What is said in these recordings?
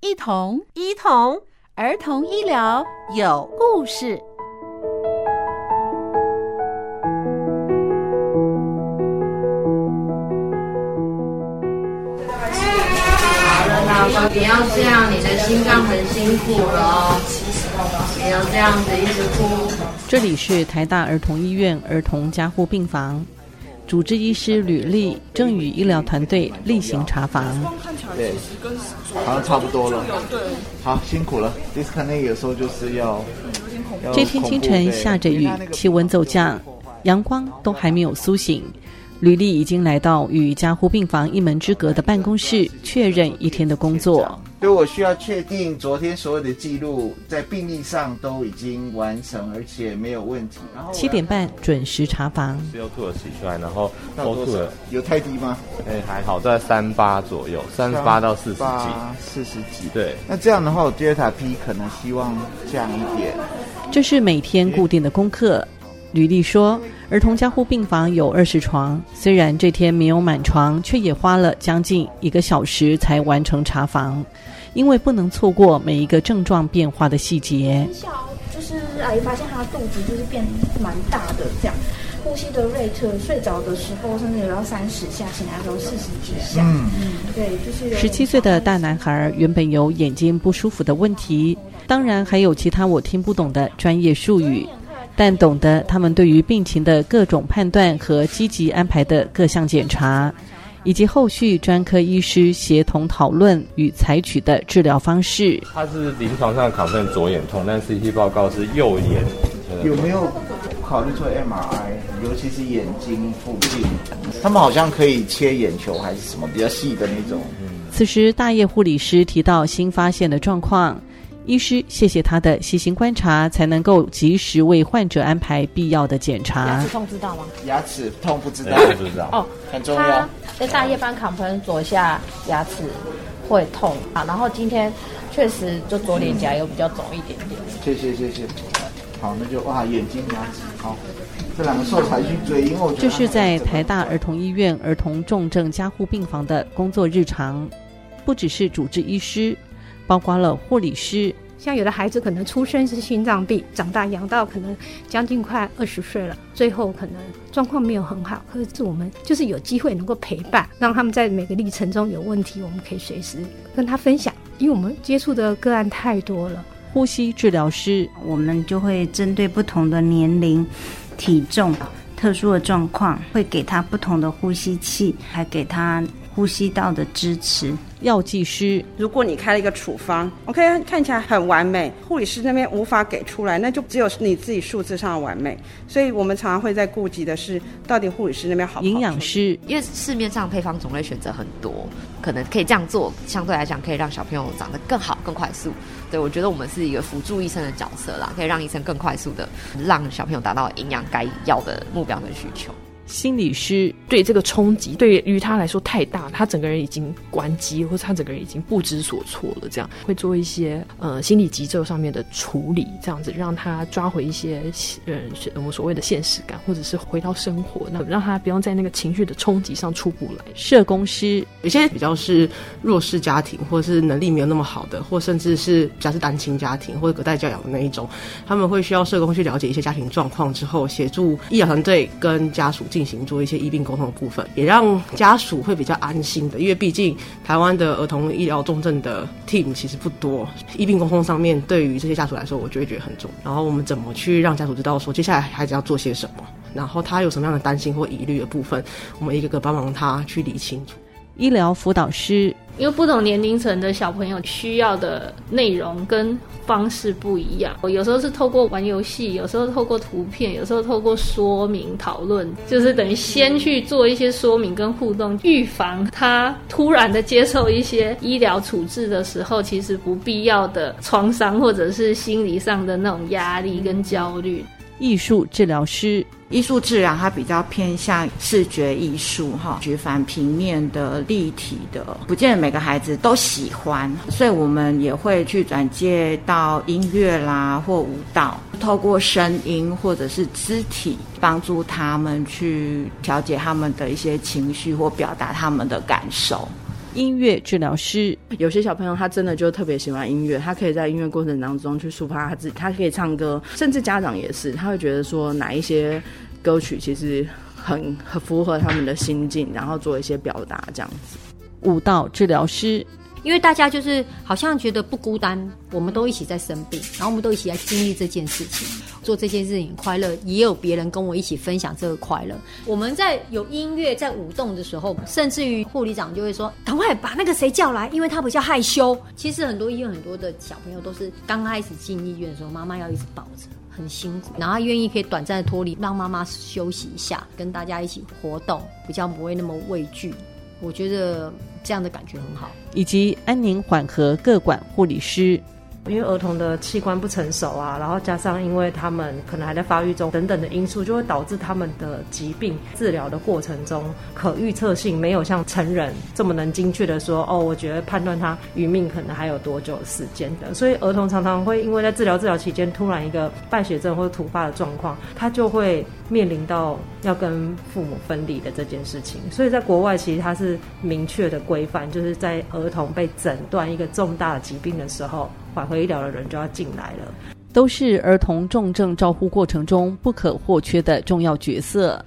一同醫童，兒童醫療有故事。好了，寶寶，不要這樣，你的心臟很辛苦了哦。不要這樣子一直哭。這裡是台大兒童醫院兒童加護病房。主治醫師呂立正與醫療團隊例行查房。對，好像差不多了。好辛苦了，這有時候就是要。這天清晨下着雨，氣溫驟降，陽光都還沒有甦醒，呂立已經來到與加護病房一門之隔的辦公室，確認一天的工作。對，我需要確定昨天所有的記錄在病歷上都已經完成，而且沒有問題。然後七點半準時查房，CO2 洗出來，然後 O2 有太低嗎？哎，還好，在三八左右，三十八到四十八，四十幾。對，那這樣的話我 Delta P 可能希望降一點。這是每天固定的功課。哎、履麗說，兒童加護病房有二十床，雖然這天沒有滿床，卻也花了將近一個小時才完成查房。因為不能錯過每一個症狀變化的細節。就是阿姨發現他的肚子就是變蠻大的，這樣呼吸的瑞特睡着的時候甚至有到三十下，醒來都四十幾下。嗯，對，就是十七歲的大男孩，原本有眼睛不舒服的問題，當然還有其他我聽不懂的專業術語，但懂得他們對於病情的各種判斷和積極安排的各項檢查。以及後續專科醫師協同討論與採取的治療方式。他是臨床上看的左眼痛，但 CT 報告是右眼。有沒有考慮做 MRI？尤其是眼睛附近，他們好像可以切眼球還是什麼比較細的那種？嗯，此時，大夜護理師提到新發現的狀況。醫師，謝謝他的細心觀察，才能夠及時為患者安排必要的檢查。牙齒痛知道嗎？牙齒痛不知道、欸、不知道、啊、哦，很重要。在大夜班扛噴，左下牙齒會痛啊。然後今天確實就左臉頰又比較腫一點點。嗯、謝謝謝謝，好，那就哇眼睛牙齒好，這兩個瘦柴君，我覺得這是在台大兒童醫院兒童重症加護病房的工作日常，不只是主治醫師。包括了護理師，像有的孩子可能出生是心臟病，長大養到可能將近快二十歲了，最後可能狀況沒有很好。可是我們就是有機會能夠陪伴，讓他們在每個歷程中有問題，我們可以隨時跟他分享，因為我們接觸的個案太多了。呼吸治療師，我們就會針對不同的年齡、體重、特殊的狀況，會給他不同的呼吸器，還給他，呼吸道的支持，藥劑師。如果你開了一個處方，OK，看起來很完美，護理師那邊無法給出來，那就只有你自己數字上的完美。所以我們常常會在顧及的是到底護理師那邊好不好？營養師，因為市面上配方種類選擇很多，可能可以這樣做，相對來講可以讓小朋友長得更好、更快速。對，我覺得我們是一個輔助醫生的角色啦，可以讓醫生更快速地讓小朋友達到營養該要的目標跟需求。心理師，對這個衝擊對於他來說太大，他整個人已經關機，或者他整個人已經不知所措了，這樣會做一些呃心理急救上面的處理，這樣子讓他抓回一些呃我們所謂的現實感，或者是回到生活，那讓他不用在那個情緒的衝擊上出不來。社工師，有些比較是弱勢家庭，或者是能力沒有那麼好的，或甚至是比較是單親家庭或者隔代教養的那一種，他們會需要社工去了解一些家庭狀況之後，協助醫療團隊跟家屬進。進行做一些醫病溝通的部分，也讓家屬會比較安心的，因為畢竟台灣的兒童醫療重症的 team 其實不多，醫病溝通上面對於這些家屬來說，我就會覺得很重。然後我們怎麼去讓家屬知道說接下來孩子要做些什麼，然後他有什麼樣的擔心或疑慮的部分，我們一個個幫忙他去理清楚。醫療輔導師，因為不同年齡層的小朋友需要的內容跟方式不一樣。我有時候是透過玩遊戲，有時候透過圖片，有時候透過說明討論，就是等於先去做一些說明跟互動，預防他突然的接受一些醫療處置的時候，其實不必要的創傷或者是心理上的那種壓力跟焦慮。藝術治療師，藝術治療它比較偏向視覺藝術，哈，舉凡平面的立體的，不見得每個孩子都喜歡，所以我們也會去轉介到音樂啦或舞蹈，透過聲音或者是肢體，幫助他們去調節他們的一些情緒或表達他們的感受。音樂治療師，有些小朋友他真的就特別喜歡音樂，他可以在音樂過程當中去抒發他自己，他可以唱歌，甚至家長也是，他會覺得說哪一些歌曲其實很很符合他們的心境，然後做一些表達這樣子。舞蹈治療師，因為大家就是好像覺得不孤單，我們都一起在生病，然後我們都一起在經歷這件事情。做這件事情快樂，也有別人跟我一起分享這個快樂。我們在有音樂在舞動的時候，甚至於護理長就會說：“趕快把那個誰叫來，因為他比較害羞。”其實很多醫院很多的小朋友都是剛開始進醫院的時候，媽媽要一直抱着，很辛苦。然後他願意可以短暫的脫離，讓媽媽休息一下，跟大家一起活動，比較不會那麼畏懼。我覺得這樣的感覺很好，以及安寧緩和個管護理師。因為兒童的器官不成熟啊，然後加上因為他們可能還在發育中等等的因素，就會導致他們的疾病治療的過程中可預測性沒有像成人這麼能精確的說哦，我覺得判斷他餘命可能還有多久的時間的。所以兒童常常會因為在治療治療期間突然一個敗血症或者突發的狀況，他就會面臨到要跟父母分離的這件事情。所以在國外其實它是明確的規範，就是在兒童被診斷一個重大的疾病的時候，兒科醫療的人就要進來了，都是兒童重症照護過程中不可或缺的重要角色。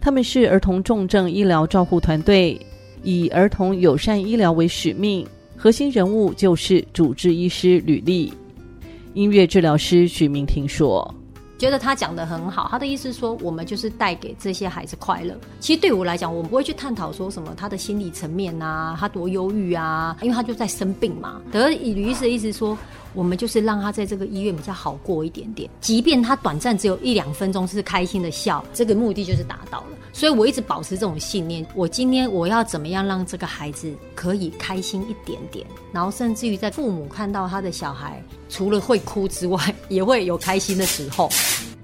他們是兒童重症醫療照護團隊，以兒童友善醫療為使命，核心人物就是主治醫師呂麗、音樂治療師許明婷說。我覺得他講的很好，他的意思說，我們就是帶給這些孩子快樂。其實對我來講，我不會去探討說什麼他的心理層面吶、啊，他多憂鬱啊，因為他就在生病嘛。得以女醫師的意思說。我們就是讓他在這個醫院比較好過一點點，即便他短暫只有一兩分鐘是開心的笑，這個目的就是達到了。所以我一直保持這種信念，我今天我要怎麼樣讓這個孩子可以開心一點點，然後甚至於在父母看到他的小孩，除了會哭之外，也會有開心的時候。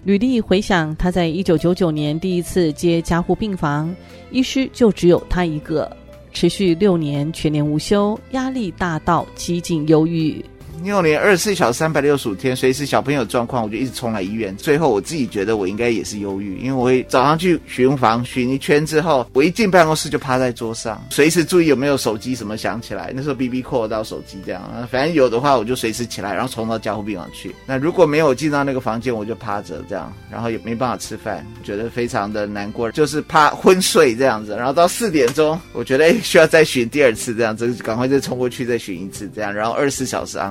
呂立回想，他在一九九九年第一次接加護病房，醫師就只有他一個，持續六年全年無休，壓力大到幾近憂鬱。因我年二十四小時三百六十五天，隨時小朋友狀況，我就一直衝來醫院。最後我自己覺得我應該也是憂鬱，因為我會早上去巡房巡一圈之後，我一進辦公室就趴在桌上，隨時注意有沒有手機什麼想起來。那時候 BB 擴到手機這樣，反正有的話我就隨時起來，然後衝到監護病房去。那如果沒有進到那個房間，我就趴着這樣，然後也沒辦法吃飯，覺得非常的難過，就是趴昏睡這樣子。然後到四點鐘，我覺得、欸、需要再巡第二次這樣子，趕快再衝過去再巡一次這樣。然後二十四小時按。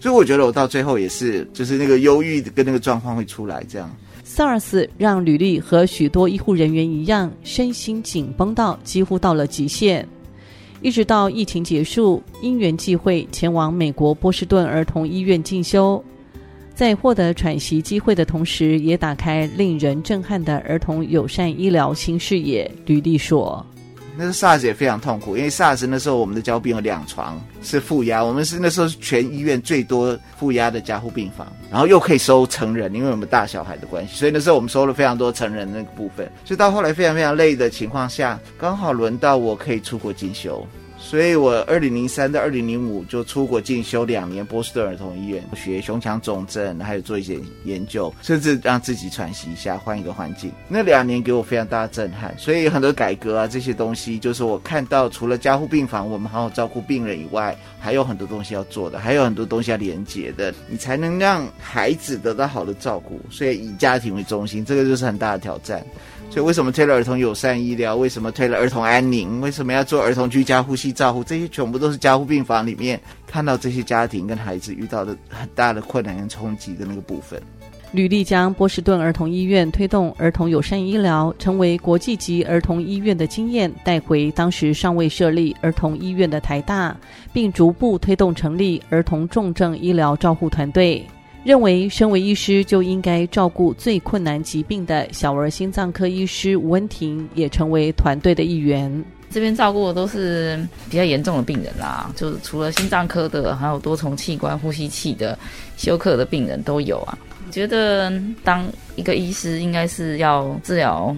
所以我覺得我到最後也是，就是那個憂鬱的跟那個狀況會出來這樣。SARS 讓呂立和許多醫護人員一樣，身心緊繃到幾乎到了極限。一直到疫情結束，因緣際會前往美國波士頓兒童醫院進修，在獲得喘息機會的同時，也打開令人震撼的兒童友善醫療新視野。呂立說。那時候 SARS 也非常痛苦，因為 SARS 那時候我們的加護病房有兩床是負壓，我們是那時候全醫院最多負壓的加護病房，然後又可以收成人，因為我們大小孩的關係，所以那時候我們收了非常多成人的那個部分，所以到後來非常非常累的情況下，剛好輪到我可以出國進修。所以，我二零零三到二零零五就出國進修兩年，波士頓兒童醫院學胸腔重症，還有做一些研究，甚至讓自己喘息一下，換一個環境。那兩年給我非常大的震撼。所以，很多改革啊，這些東西，就是我看到，除了加護病房，我們好好照顧病人以外，還有很多東西要做的，還有很多東西要連接的，你才能讓孩子得到好的照顧。所以，以家庭為中心，這個就是很大的挑戰。所以，為什麼推了兒童友善醫療？為什麼推了兒童安寧？為什麼要做兒童居家護？照護這些全部都是加護病房裡面看到這些家庭跟孩子遇到的很大的困難跟衝擊的那個部分。呂立將波士頓兒童醫院推動兒童友善醫療，成為國際級兒童醫院的經驗帶回當時尚未設立兒童醫院的台大，並逐步推動成立兒童重症醫療照護團隊。認為身為醫師就應該照顧最困難疾病的小兒心臟科醫師吳文婷也成為團隊的一員。這邊照顧的都是比較嚴重的病人啦、啊，就是除了心臟科的，還有多重器官呼吸器的休克的病人都有啊。我覺得當一個醫師應該是要治療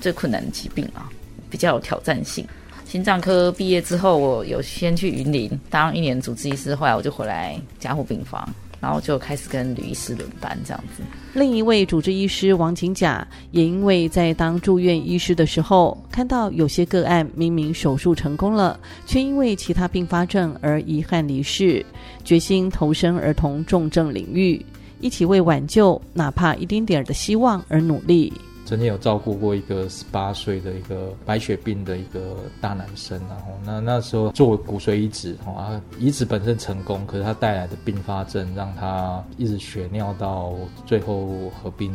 最困難的疾病啊，比較有挑戰性。心臟科畢業之後，我有先去雲林當一年主治醫師，後來我就回來加護病房。然後就開始跟呂醫師輪班這樣子。另一位主治醫師王景甲也因為在當住院醫師的時候，看到有些個案明明手術成功了，卻因為其他併發症而遺憾離世，決心投身兒童重症領域，一起為挽救哪怕一丁點的希望而努力。曾經有照顧過一個十八歲的一個白血病的一個大男生，啊，然後那那時候做骨髓移植，啊移植本身成功，可是他帶來的并發症讓他一直血尿到最後合併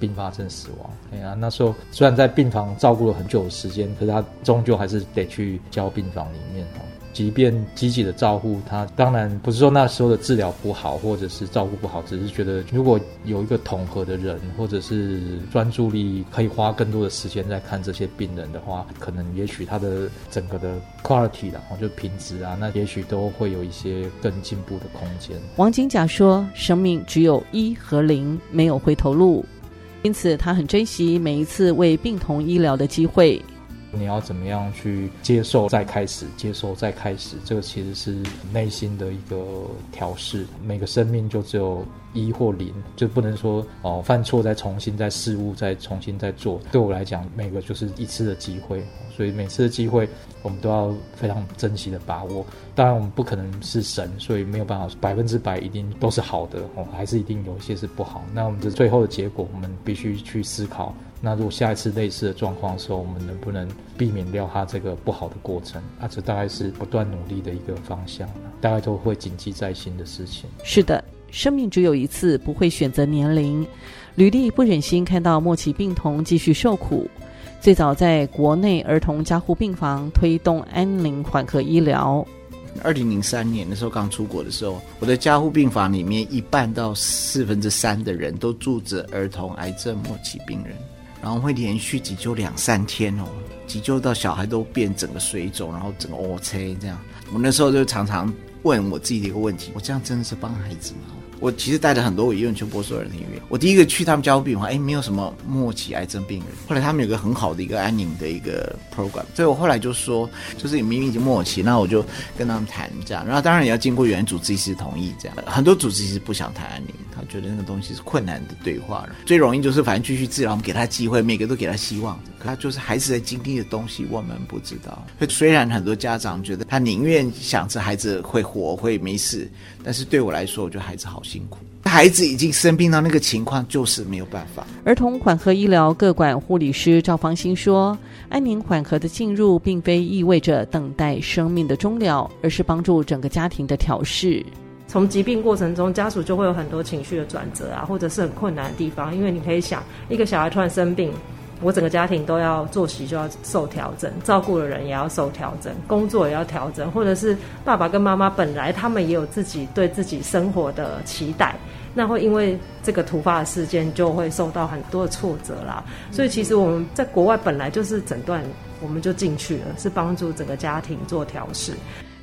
併發症死亡。哎呀，啊，那時候雖然在病房照顧了很久的時間，可是他終究還是得去交病房裡面，哈。即便積極的照顧他，當然不是說那時候的治療不好或者是照顧不好，只是覺得如果有一個統合的人或者是專注力可以花更多的時間在看這些病人的話，可能也許他的整個的 quality 的，啊，就品質啊，那也許都會有一些更進步的空間。王金甲說：“生命只有一和零，沒有回頭路，”因此他很珍惜每一次為病童醫療的機會。你要怎麼樣去接受？再開始，接受，再開始，這個其實是內心的一個調試。每個生命就只有一或零，就不能說哦犯錯再重新再試誤再重新再做。對我來講，每個就是一次的機會，所以每次的機會我們都要非常珍惜的把握。當然，我們不可能是神，所以沒有辦法百分之百一定都是好的哦，還是一定有一些是不好。那我們這最後的結果，我們必須去思考。那如果下一次類似的狀況的時候，我們能不能避免掉他這個不好的過程？啊，這大概是不斷努力的一個方向，大家都會謹記在心的事情。是的，生命只有一次，不會選擇年齡。呂立不忍心看到末期病童繼續受苦，最早在國內兒童加護病房推動安寧緩和醫療。二零零三年的時候剛出國的時候，我在加護病房裡面一半到四分之三的人都住着兒童癌症末期病人。然後會連續急救兩三天哦，急救到小孩都變整個水腫，然後整個臥車這樣。我那時候就常常問我自己的一個問題：我這樣真的是幫孩子嗎？我其實帶着很多我醫院去波士頓的醫院，我第一個去他們家病房，哎，沒有什麼末期癌症病人。後來他們有一個很好的一個安寧的一個 program，所以我後來就說，就是你明明已經末期，那我就跟他們談這樣。然後當然也要經過原主治醫師同意這樣。很多主治醫師不想談安寧。覺得那個東西是困難的對話，最容易就是反正繼續治療，我們給他機會，每個都給他希望。可他就是孩子在經歷的東西，我們不知道。雖然很多家長覺得他寧願想着孩子會活會沒事，但是對我來說，我覺得孩子好辛苦。孩子已經生病到那個情況，就是沒有辦法。兒童緩和醫療各管護理師趙芳心說：“安寧緩和的進入，並非意味着等待生命的終了，而是幫助整個家庭的調試。”從疾病過程中，家屬就會有很多情緒的轉折啊，或者是很困難的地方，因為你可以想，一個小孩突然生病，我整個家庭都要作息就要受調整，照顧的人也要受調整，工作也要調整，或者是爸爸跟媽媽本來他們也有自己對自己生活的期待，那會因為這個突發的事件就會受到很多的挫折啦。所以其實我們在國外本來就是診斷，我們就進去了，是幫助整個家庭做調適。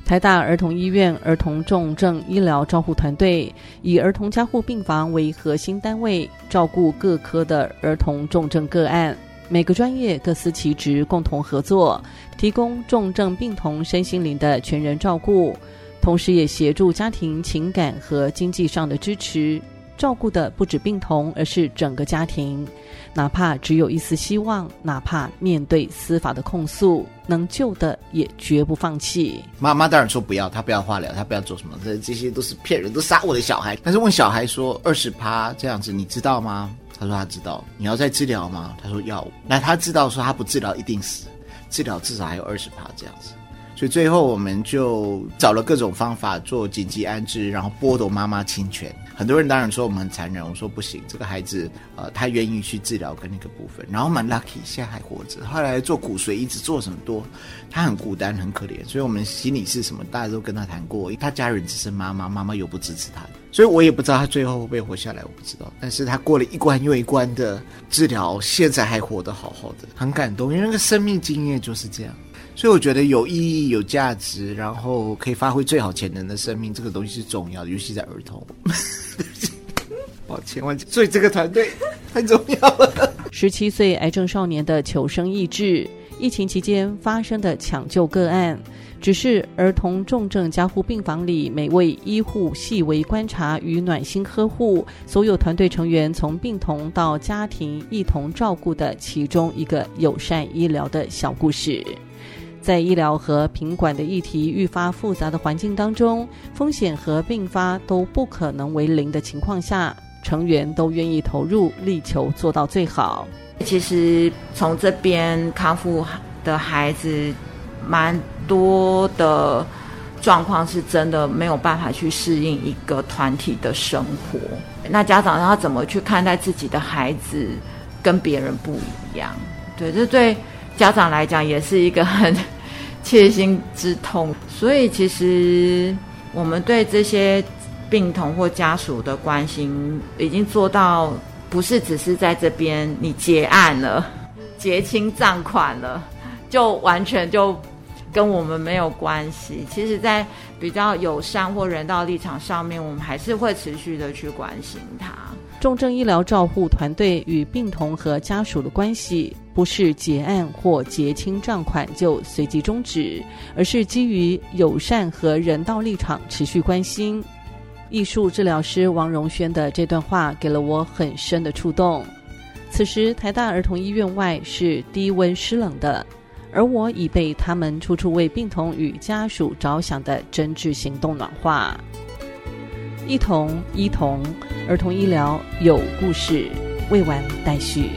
台大兒童醫院兒童重症醫療照護團隊，以兒童加護病房為核心單位，照顧各科的兒童重症個案。每個專業各司其職，共同合作，提供重症病童身心靈的全人照顧，同時也協助家庭情感和經濟上的支持。照顧的不只病童，而是整個家庭。哪怕只有一絲希望，哪怕面對司法的控訴，能救的也絕不放棄。媽媽當然說不要，她不要化療，她不要做什麼，這這些都是騙人，都殺我的小孩。但是問小孩說二十趴這樣子，你知道嗎？他說他知道。你要再治療嗎？他說要。那他知道說他不治療一定死，治療至少還有二十趴這樣子。所以最後我們就找了各種方法做緊急安置，然後剝奪媽媽親權。很多人當然說我們很殘忍，我說不行，這個孩子，呃，他願意去治療跟那個部分，然後蠻 lucky，現在還活着。後來做骨髓移植做什麼多，他很孤單，很可憐，所以我們心裡是什麼，大家都跟他談過，他家人只是媽媽，媽媽又不支持他，所以我也不知道他最後會不會活下來，我不知道。但是他過了一關又一關的治療，現在還活得好好的，很感動，因為那個生命經驗就是這樣。所以我覺得有意義、有價值，然後可以發揮最好潛能的生命，這個東西是重要的，尤其在兒童。抱 歉，千萬。所以這個團隊太重要了。十七歲癌症少年的求生意志，疫情期間發生的搶救個案，只是兒童重症加護病房裡每位醫護細微觀察與暖心呵護，所有團隊成員從病童到家庭一同照顧的其中一個友善醫療的小故事。在醫療和品管的議題愈發複雜的環境當中，風險和併發都不可能為零的情況下，成員都願意投入，力求做到最好。其實從這邊康復的孩子，蠻多的狀況是真的沒有辦法去適應一個團體的生活。那家長要怎麼去看待自己的孩子跟別人不一樣？對，這對。家長來講也是一個很切心之痛，所以其實我們對這些病童或家屬的關心，已經做到不是只是在這邊你結案了、結清賬款了，就完全就跟我們沒有關係。其實，在比較友善或人道立場上面，我們還是會持續的去關心他。重症醫療照護團隊與病童和家屬的關係。不是結案或結清賬款就隨即中止，而是基於友善和人道立場持續關心。藝術治療師王榮軒的這段話給了我很深的觸動。此時，台大兒童醫院外是低溫濕冷的，而我已被他們處處為病童與家屬着想的真摯行動暖化。一同醫童，兒童醫療有故事，未完待續。